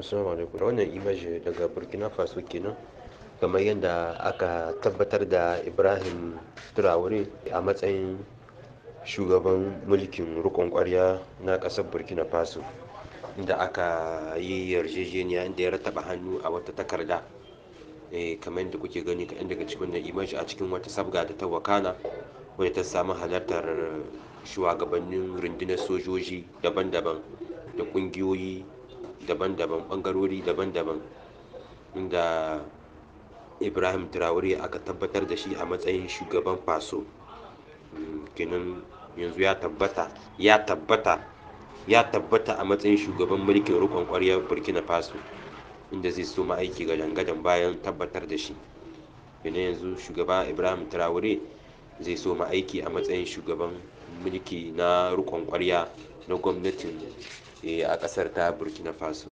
assalamu alaikum wannan imaji daga burkina faso kenan kamar yadda aka tabbatar da ibrahim traore a matsayin shugaban mulkin rukun kwarya na ƙasar burkina faso inda aka yi yarjejeniya inda ya rataba hannu a wata takarda eh, kamar yadda kuke gani kaɗan daga cikin wannan imaji a cikin wata sabga da ta wakana wadda ta samu halartar shugabannin rundunar sojoji daban-daban da ƙungiyoyi daban-daban ɓangarori daban-daban inda ibrahim traore aka tabbatar da shi a matsayin shugaban faso mm, kenan yanzu ya tabbata ya tabbata ya tabbata a matsayin shugaban mulkin rukun kwaryar burkina faso inda zai so aiki ga dangadan bayan tabbatar da shi kenan yanzu shugaba ibrahim traore zai so aiki a matsayin shugaban mulki na rukun kwarya na gwamnatin e a acertar Burkina Faso.